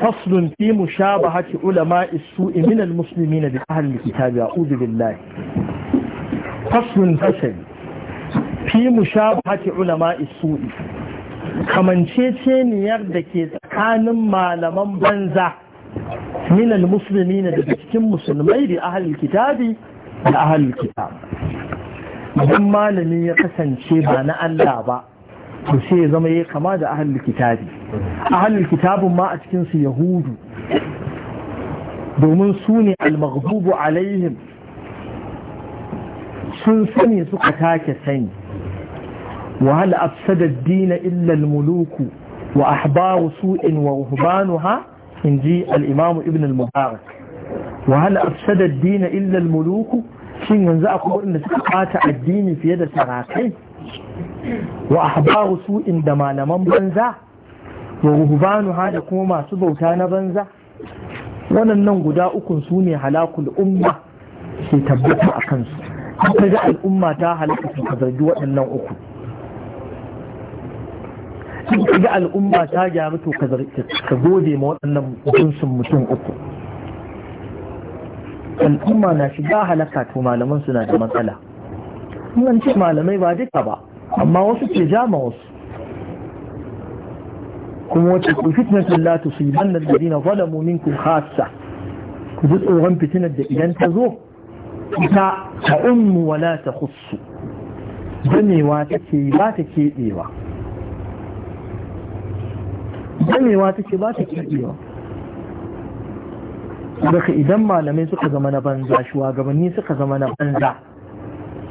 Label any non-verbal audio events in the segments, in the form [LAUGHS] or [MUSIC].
فصل في مشابهة علماء السوء من المسلمين بأهل الكتاب أعوذ بالله فصل فصل في مشابهة علماء السوء كمن تيتين يردك كان مالما بنزع من المسلمين بأهل المسلمين بأهل الكتاب بأهل الكتاب مالما يقسن شبان ألا بأهل to sai ya zama ya kama da ahalul kitabi ahalul kitabun ma a cikin su yahudu domin su ne almaghdubu alaihim sun sani suka take sani وهل أفسد الدين إلا الملوك وأحبار سوء ورهبانها من جي الإمام ابن المبارك وهل أفسد الدين إلا الملوك شين ينزأ قبول أن سقاط الدين في يد سراكين wa ahbaru su da malaman banza wa ha da kuma masu bauta na banza waɗannan guda ukun su ne halakul umma ke tabbata a kansu haka ga al'umma ta halaka su ka zargi waɗannan uku haka ka ga al'umma ta gyaru to ka zargi, ka gode ma waɗannan jinsin mutum uku al'umma na shiga halaka to malaman suna da matsala. Wannan ce malamai ba duka ba, amma wasu ke jama wasu kuma wata ku fitnatun la tusibanna alladhina zalamu minkum khassa ku ji tsoron fitinar da idan ta zo ta ta ummu wala ta khussu zamewa ba ta keɓewa zamewa ba ta keɓewa daga idan malamai suka zama na banza shugabanni suka zama na banza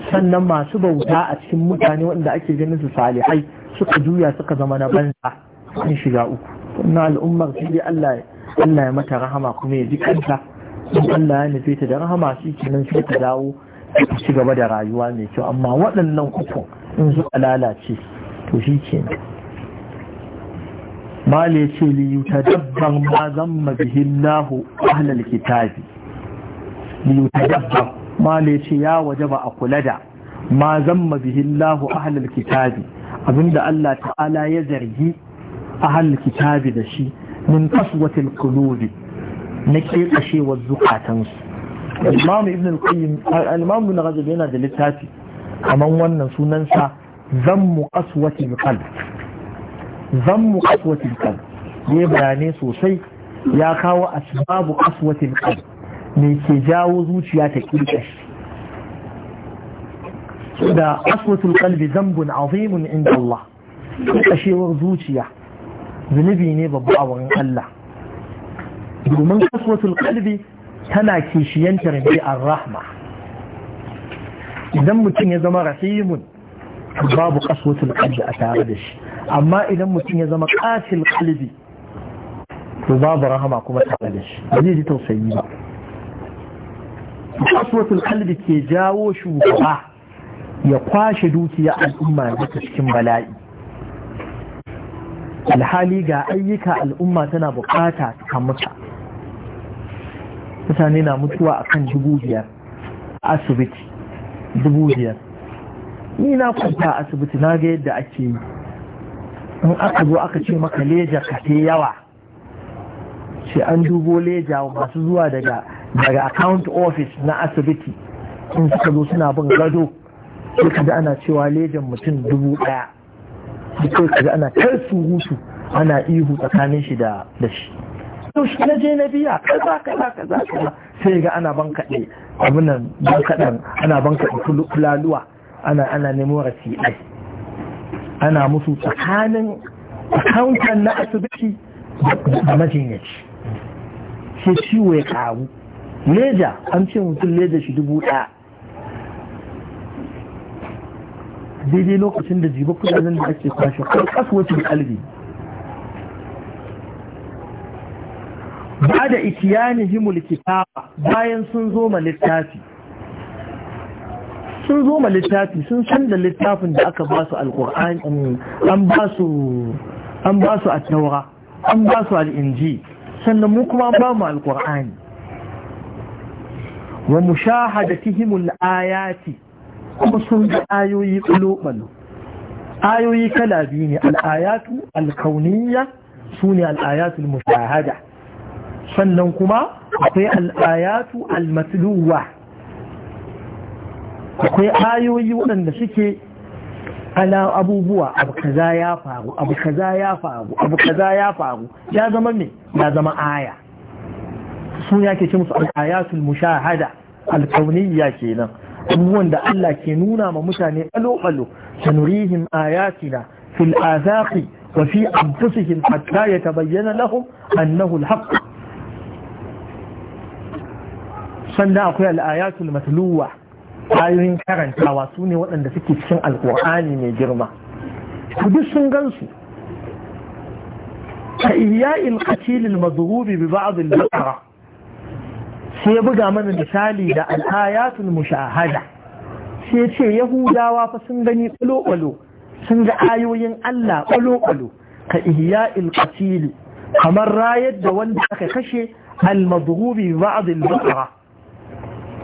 sannan masu bauta a cikin mutane wanda ake ganin su salihai suka juya suka zama na banza an shiga uku na al'ummar sai dai Allah ya mata rahama kuma ya ji kanta in Allah ya nufe ta da rahama yi kenan sai ta dawo ta ci gaba da rayuwa mai kyau amma waɗannan uku in suka lalace to shi kenan Mali ya ce li dabban ma zamma bihi nahu, ahlal kitabi li dabban. mala ya ce ya waje ba a kula da ma zamma bihillahu ahlul kitabi abinda Allah ta'ala ya zargi ahlul kitabi da shi min qaswatil qulubi na kekashewar zukatansu imam ibn al-qayyim imam ibn yana da littafi kaman wannan sunansa zammu qaswatil qalb zammu qaswatil qalb ne bayane sosai ya kawo asbabu qaswatil qalb me ke jawo zuciya ta ƙirƙashi da aswatul kalbi zambun azimun inda Allah ƙirƙashewar zuciya zunubi ne babba a wurin Allah domin aswatul kalbi tana kishiyantar bi'ar rahma idan mutum ya zama rahimun babu kaswatul kalbi a tare da shi amma idan mutum ya zama kasil kalbi to babu rahama kuma tare da shi ba zai ji tausayi ba kasuwatul kalbi ke jawo shugaba ya kwashe dukiya al'umma daga cikin bala'i alhali ga ayyuka al'umma tana bukata ta mutu mutane na mutuwa akan kan dubu biyar asibiti dubu biyar ni na kwanta asibiti na ga yadda ake yi in aka zo aka ce maka leja ka yawa ce an dubo leja masu zuwa daga daga account office na asibiti in suka zo suna bin gado sai kaji ana cewa lejan mutum dubu ɗaya sai kaji ana kar surutu ana ihu tsakanin shi da shi to shi na je na biya kaza kaza kaza sai ga ana ban kaɗe abin nan ban kaɗan ana ban kaɗe fulaluwa ana ana nemo rasiɗai ana musu tsakanin accountant na asibiti da majinyaci sai ciwo ya ƙaru leja an ce mutum leja shi dubu ɗaya daidai lokacin da jiba kudaden da ake kwashe kasuwacin kalbi ba da himul Kitawa bayan sun zo ma littafi sun zo ma littafi sun san da littafin da aka ba su alkur'ani um, an ba su a tawara, taura an ba su al-inji sannan mu kuma ba mu alkur'ani wa mushahadatihim al-ayati kuma sun ga ayoyi kulubalo ayoyi kala biyu ne al-ayatu al-kauniyya sune al-ayatu al-mushahada sannan kuma akwai al-ayatu al-matluwa akwai ayoyi waɗanda suke ala abubuwa abu kaza ya faru abu kaza ya faru abu kaza ya faru ya zama me ya zama aya sun yake ce musu al-ayatul mushahada alkauniyya kenan abubuwan da Allah ke nuna ma mutane alo-alo sanurihim ayatina fil azaqi wa fi anfusihim hatta yatabayyana lahum annahu al sannan akwai al-ayatul matluwa ayoyin karantawa su ne waɗanda suke cikin alkur'ani mai girma ku duk sun gansu ka iya'il qatilil madhubi bi ba'd al-baqara sai ya buga mana misali da al'ayatul mushahada sai ce yahudawa fa sun gani kwalo kwalo sun ga ayoyin Allah kwalo kwalo ka ihya ilƙasili kamar rayar da wanda aka kashe almadhubi ba'd al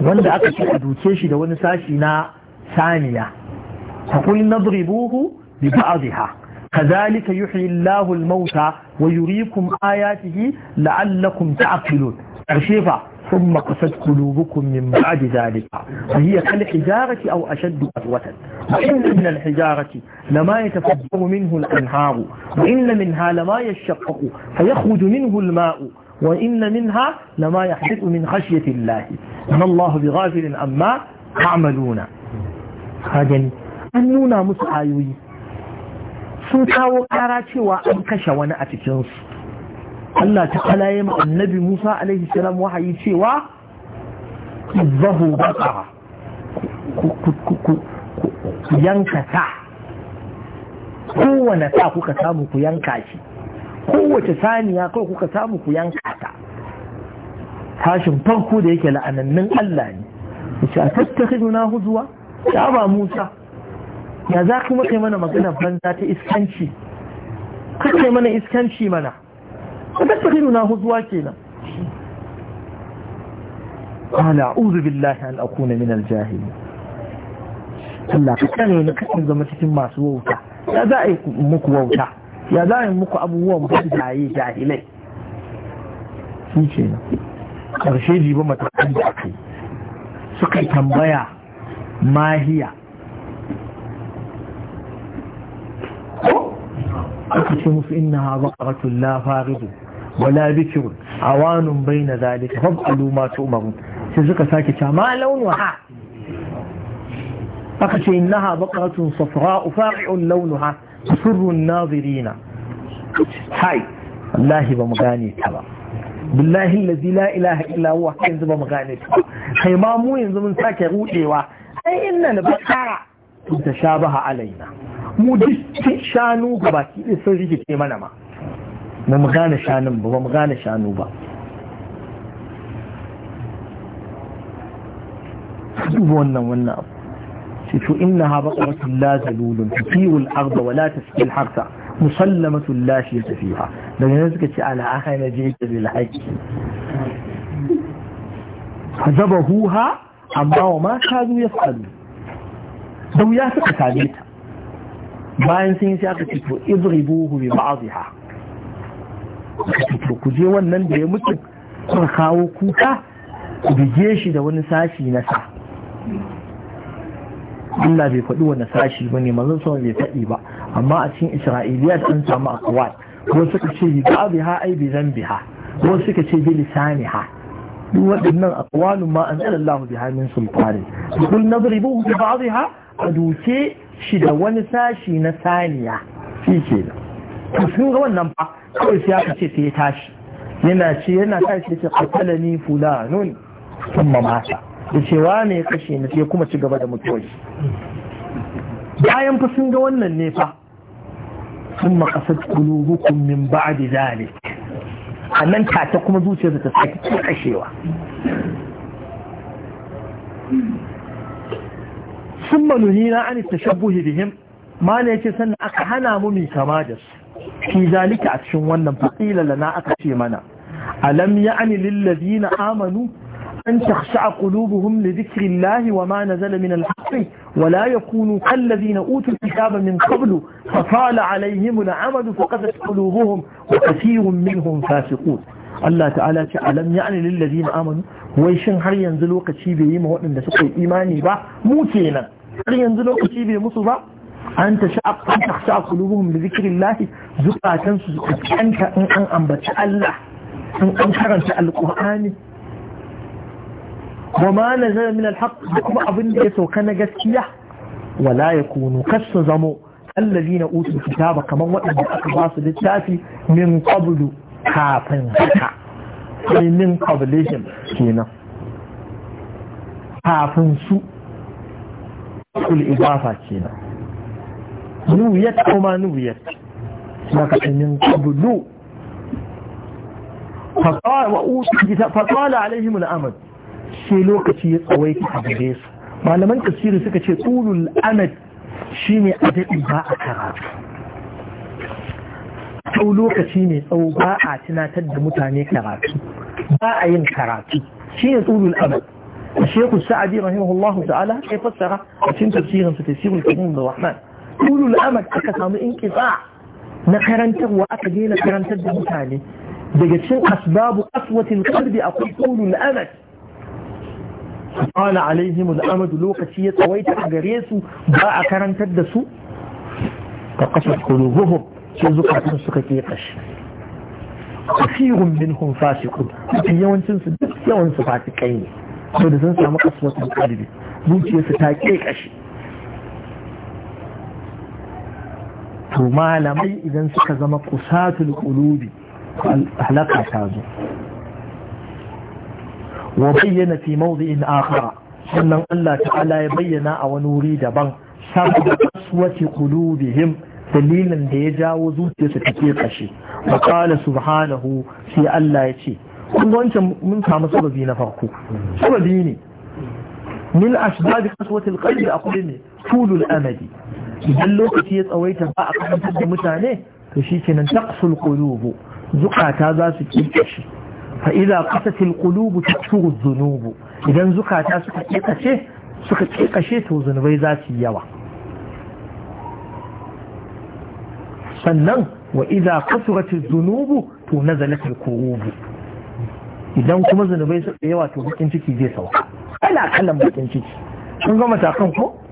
wanda aka ce a duke shi da wani sashi na saniya fa qul nadribuhu bi ba'dha kadhalika yuhyi Allahu al-mauta wa yuriikum ayatihi la'allakum ta'qilun ƙarshe fa sun makasar kulubukun min ba da zalika a yi kan hijarati a ashaddu a watan ba inda min hijarati na ma ya tafi daga min hulɗin haru ba inda min ha na ma ya shaƙaƙo ka ya hudu min hulma'u wa inna min ha na ma ya haɗu min hashiyatin lahi na allahu bi ghafirin amma ta'amaluna ka gani an nuna musu ayoyi sun kawo ƙara cewa an kashe wani a cikinsu Allah ta ya ma annabi Musa alaihi salam wahayi cewa zahu baqara ku yanka ta kowane ta kuka samu ku yanka shi kowace saniya kawai kuka samu ku yanka ta tashin farko da yake la'anannin Allah ne yace a tattakhidhu na huzwa Ta ba Musa ya za kuma kai mana magana banza ta iskanci kai mana iskanci mana وبس هزوا كينا قال أعوذ بالله أن أكون من الجاهل قال كان ينكسن زمة تتمع سووتا يا دائي مك ووتا يا دائي مك أبو هو مفيد عيه جاهلي سيشينا أرشيدي بما تتحدث أكي سكي تنبيا ما هي أكتمف إنها بقرة لا فاغذة wala bikirun awanun bai na zalika fab'alu ma tu'marun sai suka sake cewa ma ha. aka ce innaha baqatun safra'u fa'i'un launuha sirrun nazirina hai wallahi ba mu gane ta ba billahi allazi la ilaha illa huwa yanzu ba mu gane ta kai ma mu yanzu mun sake rudewa ai innal baqara tashabaha alaina mu duk shanu gaba gabaki sun rikice mana ma ba mu gane shanun ba mu gane shanu ba duba wannan wannan abu sai to inna ha baqaratun la zalulun tufiul arda wa la tasqil harta musallamatun la shi tafiha daga nan suka ce ala ahana jita bil haqi huha amma wa ma kadu yasalu da wuya suka same ta bayan sun yi sai aka ce to idribuhu bi ba'dihha ku je wannan da ya mutu kun kawo kuka ku bige shi da wani sashi na sa Allah bai faɗi wani sashi ba ne mazan sauran bai faɗi ba amma a cikin isra'iliyat an samu akwai wasu suka ce bi ba biha ai bi zan biha wasu suka ce bi ha. duk waɗannan akwalun ma an tsara Allah biha min sultani kul nadribuhu bi ha a duke shi da wani sashi na saniya shi kenan sun ga wannan fa kawai sai aka ce sai ya tashi yana ce yana tashi sai qatala ni fulanun kuma mata da cewa ne kashe ni sai kuma ci gaba da mutuwa bayan fa sun ga wannan ne fa sun makasar kulubukum min ba'di zalik a nan ta kuma zuciyarsa ta sake kashewa sun manuhina an tashabbuhi bihim ma ne yake sannan aka hana mu mai kama da su fi zalika a cikin wannan faqila lana aka ce mana alam ya'ni lil ladina amanu an takhsha'a qulubuhum li dhikrillahi wa ma nazala min al-haqq wa la yakunu kal ladina utul kitaba min qablu fa tala alayhim al-amadu fa qasat qulubuhum wa kathirun minhum fasiqun Allah ta'ala ce alam ya'ni lil ladina amanu wai shin har yanzu lokaci bai yi ma waɗanda suka yi imani ba mu kenan har yanzu lokaci bai musu ba an ta sha'af an ta sha'a kulubuhum da zikirin lahi zukatan su zukatanta in an ambaci Allah in an karanta alƙur'ani wa ma na zama min alhaq da kuma abin da ya sauka na gaskiya wala ya kunu kasu zamo allazi na utu kitaba kamar waɗanda aka ba su littafi min qablu kafin haka sai min qablihim kenan kafin su kul idafa kenan نويت او ما نويت سمعك من قبل نو فقال وقوت فقال عليهم الأمد سيلو كثير قويت حبيث ما لم أنك سيري سكتش طول الأمد شيني أدئ باع كراب طولو كثيني أو باع تنا تد متاني كراب باع ين كراب شيني طول الأمد الشيخ السعدي رحمه الله تعالى كيف فسر عشان تفسيرا ستسير الكريم الرحمن ulul amad aka samu inkisa na karantarwa aka daina karantar da mutane daga cin asbabu aswatin qalbi akwai ulul amad qala alaihim al-amad lokaci ya tsawaita a gare su ba a karantar da su ta kasar qulubuhum sai zukatun suka ke kashi kasirun minhum fasiqun yawancin su duk yawan su fasikai ne saboda sun samu aswatin qalbi zuciyarsu ta ke kashi to malamai idan suka zama kusatul qulubi halaka ta zo wa bayyana fi mawdi'in akhara sannan Allah ta'ala ya bayyana a wani wuri daban saboda qaswati qulubihim dalilin da ya jawo zuciyarsu take kashe wa qala subhanahu sai Allah ya ce kun wancan mun samu sababi na farko sababi ne min asbab qaswati alqalbi aqul ne tulul amadi idan lokaci ya tsawaita ba a karantar da mutane to shi kenan taqsul qulubu zukata za su kike fa idza qasatil qulubu takfuru dhunubu idan zukata suka kikace suka kikace to zunubai za su yawa sannan wa idza kasuratil dhunubu to nazalatil kurubu. idan kuma zunubai suka yawa to bakin ciki zai sauka kala kalan bakin ciki kun ga matakan ko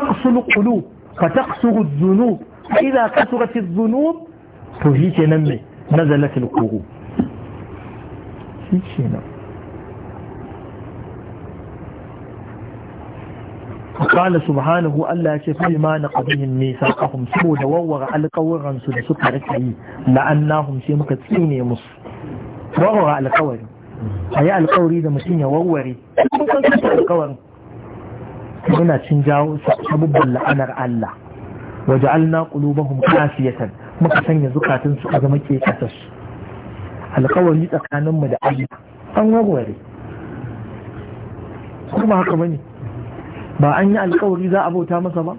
تقسو القلوب فتقسو الذنوب فإذا كثرت الذنوب تهيك نمي نزلت القلوب وقال سبحانه ألا شفي ما نقضيهم ميثاقهم سبو دور على قورا سلسك ركعي لأنهم سيمك تسيني مص ورغ على قوري أي القوري ذا مسيني ووري كم كنت muna cin jawo sabubban la'anar Allah wa ja'alna qulubahum qasiyatan muka sanya zukatunsu a zama ke kasas alƙawari tsakaninmu da Allah an warware kuma haka bane ba an yi alƙawari za a bauta masa ba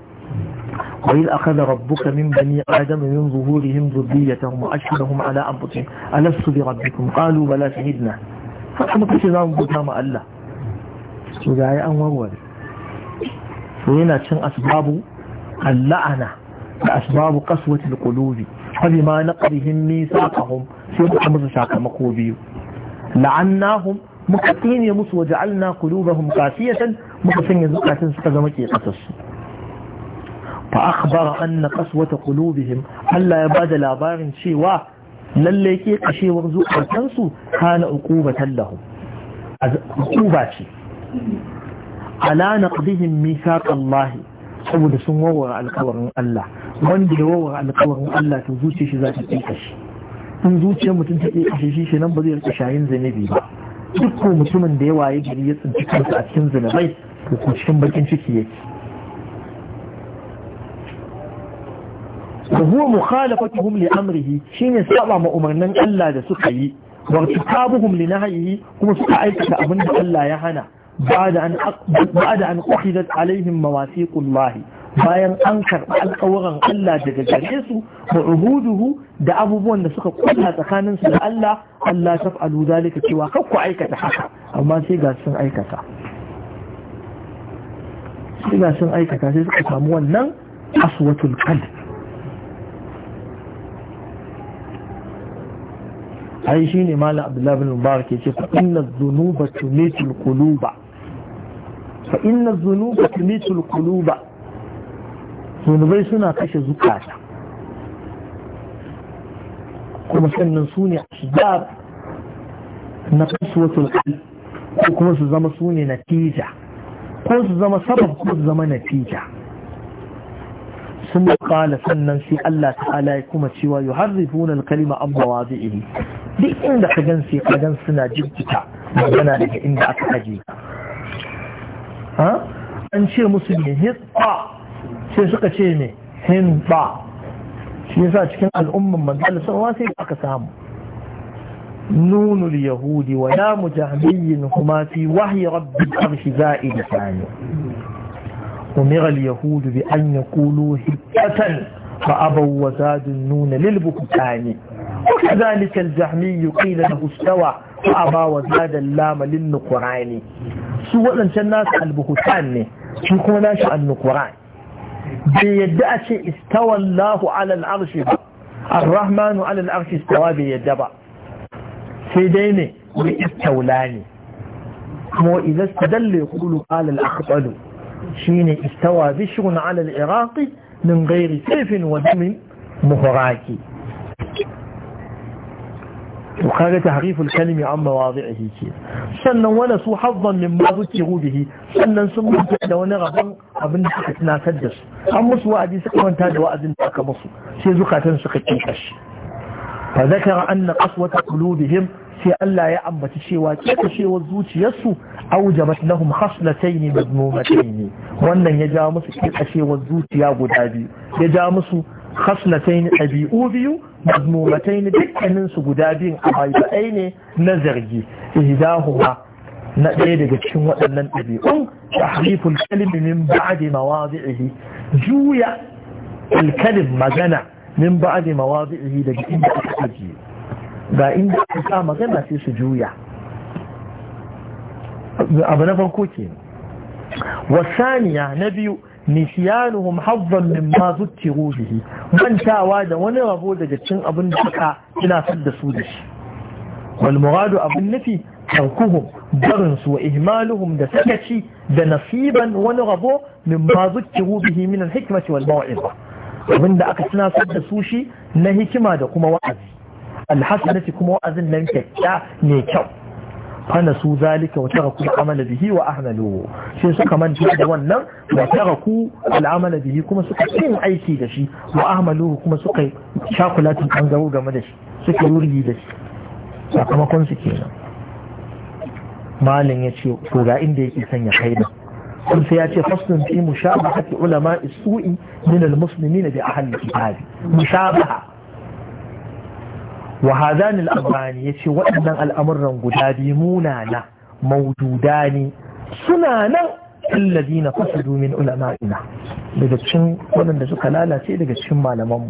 وإذ أخذ ربك من بني آدم من ظهورهم ذريتهم وأشهدهم على أنفسهم ألست بربكم قالوا بلى شهدنا فكما كشنا نبوتها Allah. الله وذا an warware. so yana cin asbabu alla'ana da asbabu kaswati qulubi kabi ma naqrihim misaqahum sai da musu sakamako biyu la'annahum muka tsine musu wa ja'alna qulubahum qasiyatan muka sanya zukatun suka zama ke kasassu fa akhbara anna qaswata qulubihim alla yabada labarin cewa lallai ke kashewar zukatun su kana uqubatan lahum azuba ce ala naqdihim mithaq Allah saboda sun wawara alƙawarin Allah wanda ya wawara alkawarin Allah to zuciya shi za ta tsika shi in zuciyar mutum ta tsika shi shi nan ba zai rika shayin zanabi ba duk ko mutumin da ya waye gari ya tsinci kansa a cikin zanabai to ko cikin bakin ciki yake ko huwa mukhalafatuhum li amrihi shine saba ma umarnin Allah da suka yi wa kitabuhum na nahyihi kuma suka aikata abin da Allah ya hana بعد أن بعد أن أخذت عليهم مواثيق الله bayan an karɓi alƙawarin Allah daga gare su wa da abubuwan da suka kulla tsakanin su da Allah Allah ta fa'alu zalika cewa kakku aikata haka amma sai ga sun aikata sai ga sun aikata sai suka samu wannan aswatul qalb ai shi ne malam abdullahi bin mubarak ya ce fa inna zunuba tumitul quluba fa inna zunuba tumitul kuluba, zunubai suna kashe zukata kuma sannan su ne asbab na kasuwatul qalb ko kuma su zama su ne natija ko su zama sabab ko su zama natija sun kala sannan sai Allah ta'ala ya kuma cewa yi harrifuna kalima an bawa zai'i duk inda ka gan sai ka gan suna jirkita magana daga inda aka aje an ce musu ne hitsa sai suka ce ne hinta shi yasa cikin al'umman manzala sanwa sai aka samu Yahudi نون اليهود ويا مجهمي هما في وحي رب za'i da Sani. أمر اليهود بأن يقولوا هبة فأبوا وزاد النون للبهتان وكذلك الجهمي قيل له استوى فأبا وزاد اللام للنقران سوى أن الناس البهتان شو كنا النقران بيدأ شيء استوى الله على العرش الرحمن على العرش استوى بيدبا سيدين وإستولاني مو إذا استدل يقول قال الأخطل شين استوى بشر على العراق من غير سيف ودم مهراك وقال تحريف الكلم عن مواضعه سنن ونسوا حظا مما ذكروا به سنن سمون da wani rabon abin da suka tunatar da su an musu wa'adi suka manta da wa'azin da aka musu sai zukatan suka kinkashi fa zakara anna qaswata qulubihim sai Allah ya ambaci cewa kekashewar zuciyarsu aujabat lahum khaslatayn madmumatayn wannan ya ja musu kekashewar zuciya guda biyu ya ja musu khaslatayn ɗabi'u biyu madmumatayn dukkanin su guda biyu a baibai ne na zargi ihdahuma na ɗaya daga cikin waɗannan ɗabi'un tahriful kalimi min ba'di mawadi'ihi juya alkalim magana min ba'di mawadi'ihi daga inda aka ajiye ga inda aka sa magana sai su juya abu na farko ke wasaniya na biyu nisiyanuhum hazzan ma zukkiru bihi mantawa da wani rabo daga cin abin da aka tunatar da su da shi wal muradu abin nufi tarkuhum barin su wa ihmaluhum da sakaci da nasiban wani rabo ma zukkiru bihi min al hikmati wal maw'iza abin da aka tunatar da su shi na hikima da kuma wa'azi alhasanati kuma wa'azin nan kyakkya ne kyau fana su zalika wa taraku al'amala bihi wa ahmalu sai suka manta da wannan wa taraku al'amala bihi kuma suka yin aiki da shi wa ahmalu kuma suka shakulatin kangaru game da shi suka yurgi da shi sakamakon su kenan malin ya ce to ga inda yake sanya kaida kun sai ya ce faslun fi mushabahati ulama isu'i min al-muslimin bi ahli kitabi mushabaha wa hadanil amrani yace waɗannan al'amuran guda biyu munana maududani suna nan alladina fasadu min ulama'ina daga cikin waɗanda suka lalace daga cikin malaman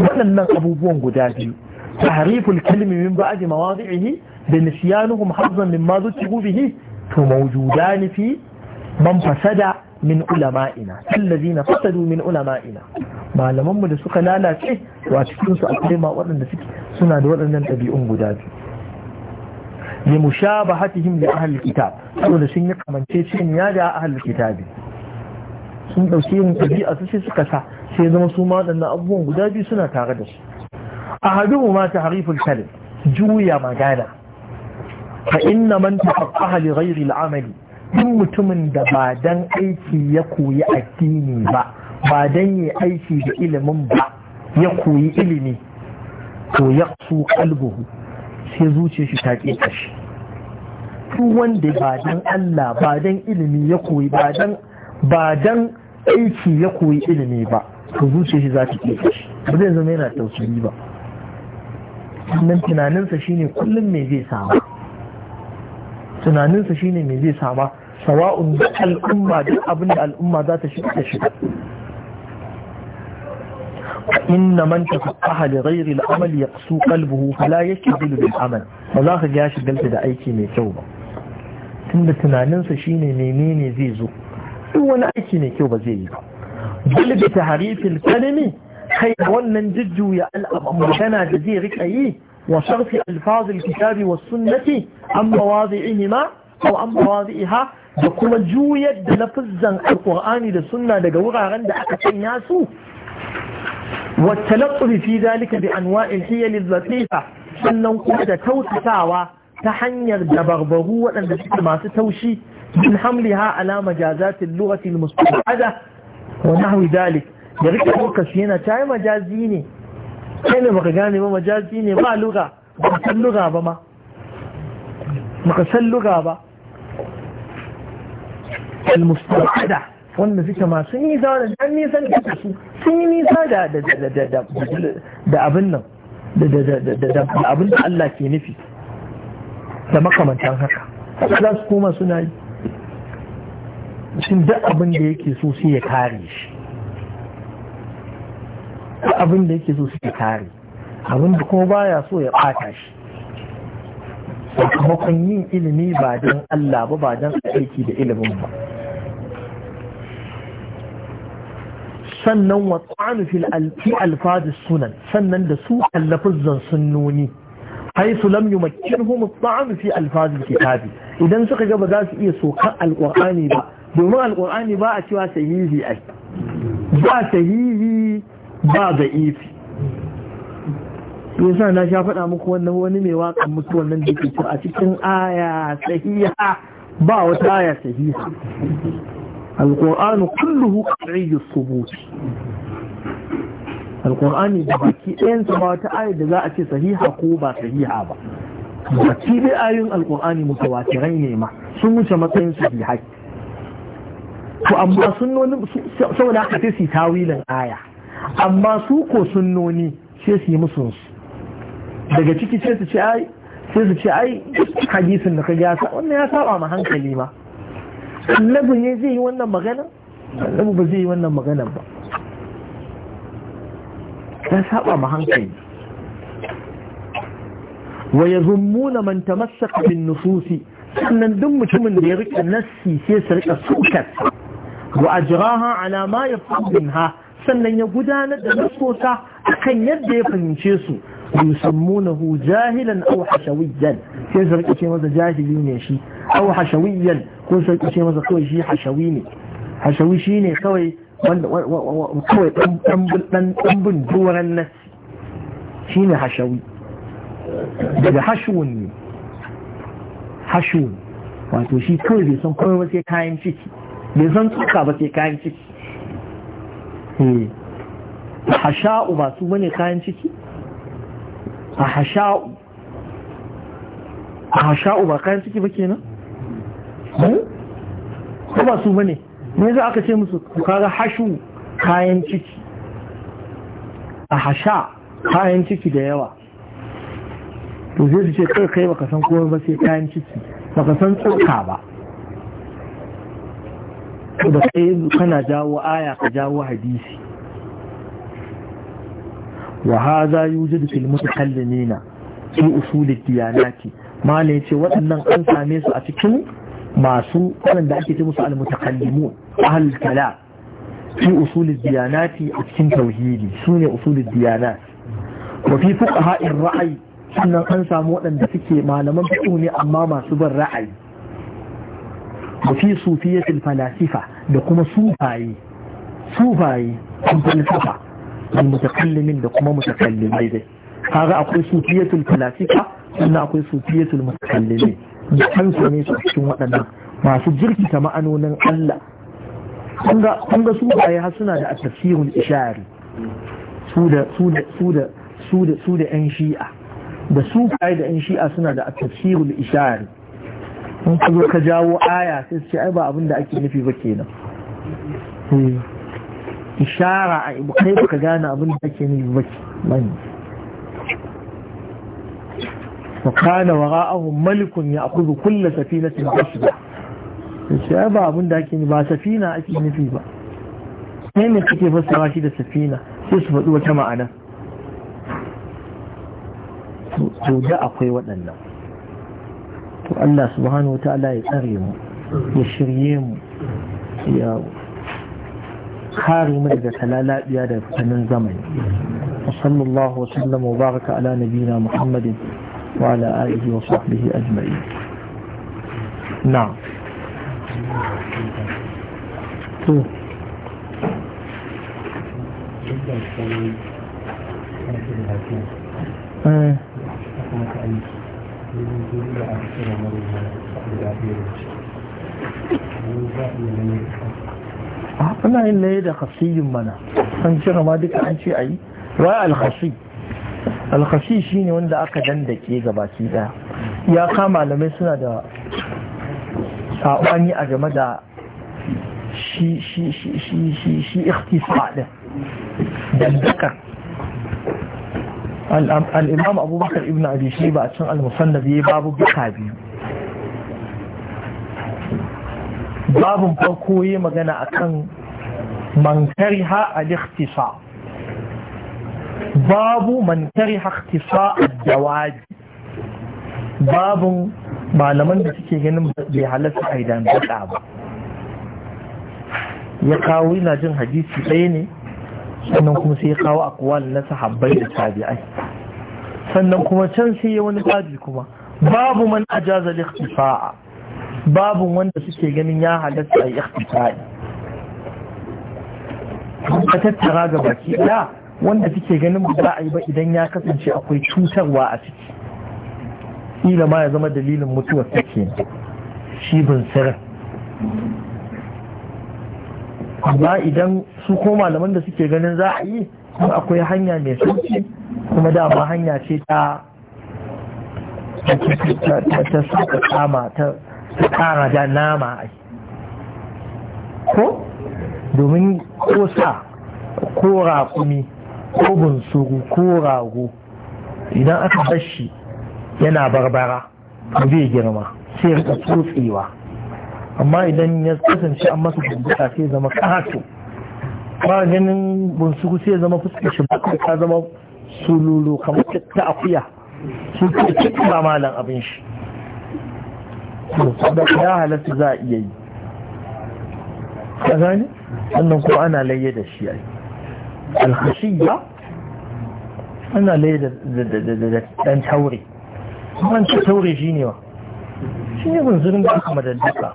waɗannan abubuwan guda biyu tahriful kalimi min ba'di mawadi'ihi da nisyanuhum hazzan mimma zutibu bihi to mawjudani fi man fasada min ulama'ina allazina fasadu min ulama'ina malamanmu da suka lalace wa cikin su akwai ma waɗanda suke suna da waɗannan ɗabi'un guda biyu li mushabahatihim li ahli kitab saboda sun yi kamance cin ya da ahli kitabi sun ɗauki yin ɗabi'a su sai suka sa sai zama su ma waɗannan abubuwan guda biyu suna tare da su ahaduhu ma tahriful kalim juya magana fa inna man tafaqaha li ghairi al-amali duk mutumin da ba dan aiki ya koyi addini ba ba dan yi aiki da ilimin ba ya koyi ilimi to ya su kalbuhu sai zuce shi ta ke ƙashi duk wanda ba dan Allah ba dan ilimi ya koyi ba dan ba dan aiki ya koyi ilimi ba to zuce shi za ta ƙi ƙashi ba zai zama yana tausayi ba sannan tunaninsa shine kullum me zai samu tunaninsa shine me zai sama sawa'un da al'umma duk abin da al'umma za ta shiga shiga inna man tafaqaha li ghayri al-amal yaqsu qalbuhu fala yakbilu bil amal ba za ka ga shi dalta da aiki mai kyau ba tunda tunaninsa shine menene zai zo duk wani aiki mai kyau ba zai yi ba bal bi tahrifil kalimi kai wannan jujjuya al'amma da zai rika yi Wasarfi ألفاظ kitabi والسنة عن مواضعهما أو عن da kuma juyar da lafizan alƙur'ani da sunna daga wuraren da aka sanya su والتلطف في ذلك بأنواع الحيل اللطيفة sannan kuma da tautatawa ta hanyar dabarbaru waɗanda suke masu taushi min hamliha ala majazatin lughati al-musta'ada wa nahwi dhalik da rika lokaci yana tayi majazi ne kai ne maka gane ba majazi ne ba luga ba san luga ba ma baka san luga ba al-mustaqada wanda suke masu nisa wanda dan nisan kasa su sun yi nisa da da da da da abin nan da da da abin da Allah ke nufi da makamantan haka za su koma suna yi shin duk abin da yake so sai ya kare shi abin da yake so su kare abin da kuma baya so ya ɓata shi sakamakon yin ilimi ba don Allah ba ba don aiki da ilimin ba sannan wa tsanu fil alfi sunan sannan da su kallafin sunnoni haisu lam yumakkinhum at-ta'am fi alfaz al idan suka ga ba za su iya sokan Alƙur'ani ba domin Alƙur'ani ba a cewa sahihi ai ba sahihi ba da ifi sa na sha faɗa muku wannan wani mai waƙa musu wannan da ke a cikin aya sahiha ba wata aya sahiha alƙur'anu kulluhu qat'iyyus subut alƙur'ani da baki ɗayansa ba wata aya da za a ce sahiha ko ba sahiha ba baki dai ayoyin alƙur'ani mutawatirai ne ma sun wuce matsayin sahihai to amma sun saboda haka sai su tawilin aya amma su ko sunnoni sai su yi musu daga ciki sai su ce ai sai su ce ai hadisin da ka ga sa wannan ya saba ma hankali ba annabi ne zai yi wannan magana annabi ba zai yi wannan magana ba ya saba ma hankali wa yazummuna man tamassaka bin nususi sannan duk mutumin da ya rika nassi sai su rika sukar wa ajraha ala ma yafhamu ha? sannan ya gudanar da nasosa akan yadda ya fahimce su na hu jahilan au hashawiyyan sai su rike masa jahili ne shi Au hashawiyyan ko su rike ce masa kawai shi hashawi ne hashawi shine kawai kawai dan dan bin duran nasi shine hashawi daga hashwun ne Hashuwan. wato shi kawai bai san kawai ba sai kayan ciki bai san tsoka ba sai kayan ciki a hmm. hasha'u ba su bane kayan ciki a hasha'u a hasha'u ba kayan ciki ba kenan hmm? ko ba su bane ne za aka ce musu kaga hashu kayan ciki a hasha kayan ciki da yawa to zai su ce kai kai baka san komai ba sai kayan ciki baka san tsoka ba da kai kana jawo aya ka jawo hadisi wa hadha yujadu fil mutakallimina fi usul ad-diyanati mala ce waɗannan an same su a cikin masu waɗanda ake ce musu al-mutakallimun ahlul kalam fi usul ad-diyanati a cikin tauhidi sune usul ad-diyanat wa fi fuqaha ar-ra'y sannan an samu waɗanda suke malaman fiqh ne amma masu bin ra'ayi wa fi sufiyatil falasifa da kuma sufaye sufaye kun falsafa mutakallimin da kuma mutakallimai dai kaga akwai sufiyatul falasifa sannan akwai sufiyatul mutakallimin da an same su cikin waɗannan masu ta ma'anonin Allah kun ga sufaye har suna da ishari su da su da 'yan shi'a da sufaye da 'yan shi'a suna da a tafsirul ishari in ka zo ka jawo aya sai su ce ai ba abin da ake nufi ba kenan ishara a ibu kai baka gane abin da ake nufi ba kenan وكان وراءهم ملك يأخذ كل سفينة غصبا sai ba abin da ake ba safina ake nufi ba sai ne kake fassara shi da safina sai su faɗi wata ma'ana to da akwai waɗannan الله سبحانه وتعالى يقرم يشريم يا خاري من لا لا من زمن وصلى الله وسلم وبارك على نبينا محمد وعلى آله وصحبه أجمعين نعم جدا أه. أعطنا إلا إذا خصي منا أنشر ما دك عن شيء أي رأى الخصي الخصي شيني وندا أقدن دك يا قباسي ذا يا قام على مسنا دا أعواني أجمع دا شي شي شي شي شي شي اختصاء ده دندكر al'imam abubakar ibn abi shaiba a cin al-musannaf ya babu buka biyu babin farko ya magana akan man kariha al-ikhtisa babu man kariha jawabi. Babu dawaji malaman da suke ganin bai halatta a idan ba ya kawo ina jin hadisi ɗaya ne sannan kuma sai ya kawo akwal na sahabbai da tabi'ai sannan kuma can sai ya wani babi kuma babu man ajaza liqtifa'a babu wanda suke ganin ya halatta ai ikhtifa'i ka tattara ga baki da wanda suke ganin ba za a yi ba idan ya kasance akwai cutarwa a ciki ila ma ya zama dalilin mutuwar take shi bin sirrin amma idan su ko malaman da suke ganin za a yi kuma akwai hanya mai sauki kuma dama hanya ce ta ta ta kara da nama ai ko domin ko sa ko raƙumi ko bunsuru ko rago idan aka bashi yana barbara zai girma sai rika tsotsewa amma idan ya kasance an masa bumbuka sai zama kato ba ganin bunsuku sai zama fuskar shi bakwai ta zama sululu kamar ta akuya su ke cikin malan abin shi da ya halatta za a iya yi ka gani sannan kuma ana laye da shi ai ya? ana laye da dan taure kuma taure shi ne wa shi ne bunsurin da aka madaddaka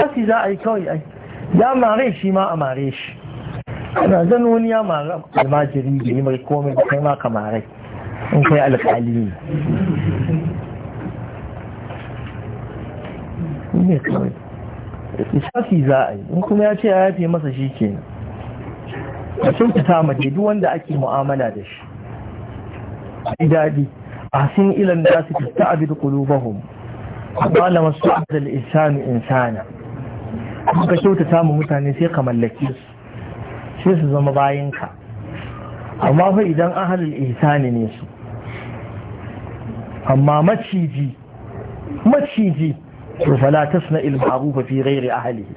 zafi za a yi kawai ai ya mare shi ma a mare shi ana zan wani ya almajiri da yi mai komai da kai maka in kai ne ne kawai za a yi in kuma ya ce ya yafe masa shi kenan ka kyautata ma duk wanda ake mu'amala da shi ai daɗi ahsin ila nasi tasta'bid qulubahum qala mas'ud al-insan insana ka kyautata ma mutane sai ka mallake su sai su zama bayinka amma fa idan ahlul isani ne su amma maciji maciji to fala tasna il ma'rufa fi ghairi ahlihi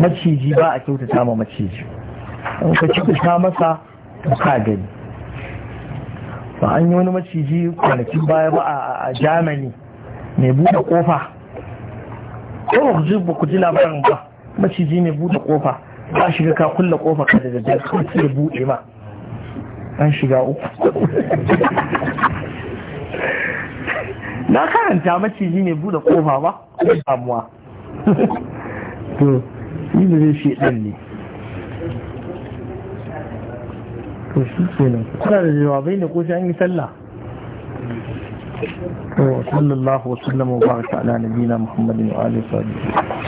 maciji ba a kyautata ma maciji in ka cikita masa to ka gani ba an yi wani maciji kwanakin baya ba a germany mai buɗe ƙofa? ko ba ku ji labarin ba maciji mai buɗe ƙofa? ba shiga ka kulle ƙofa ka da daddare kuma sai buɗe ma an shiga uku [LAUGHS] na karanta maciji mai buɗe ƙofa ba ko damuwa [LAUGHS] to yi da zai shi ɗan ne to shi ke nan kuna da jawabai ne ko shi an yi sallah sallallahu wasallam wa baraka ala nabiyina muhammadin wa alihi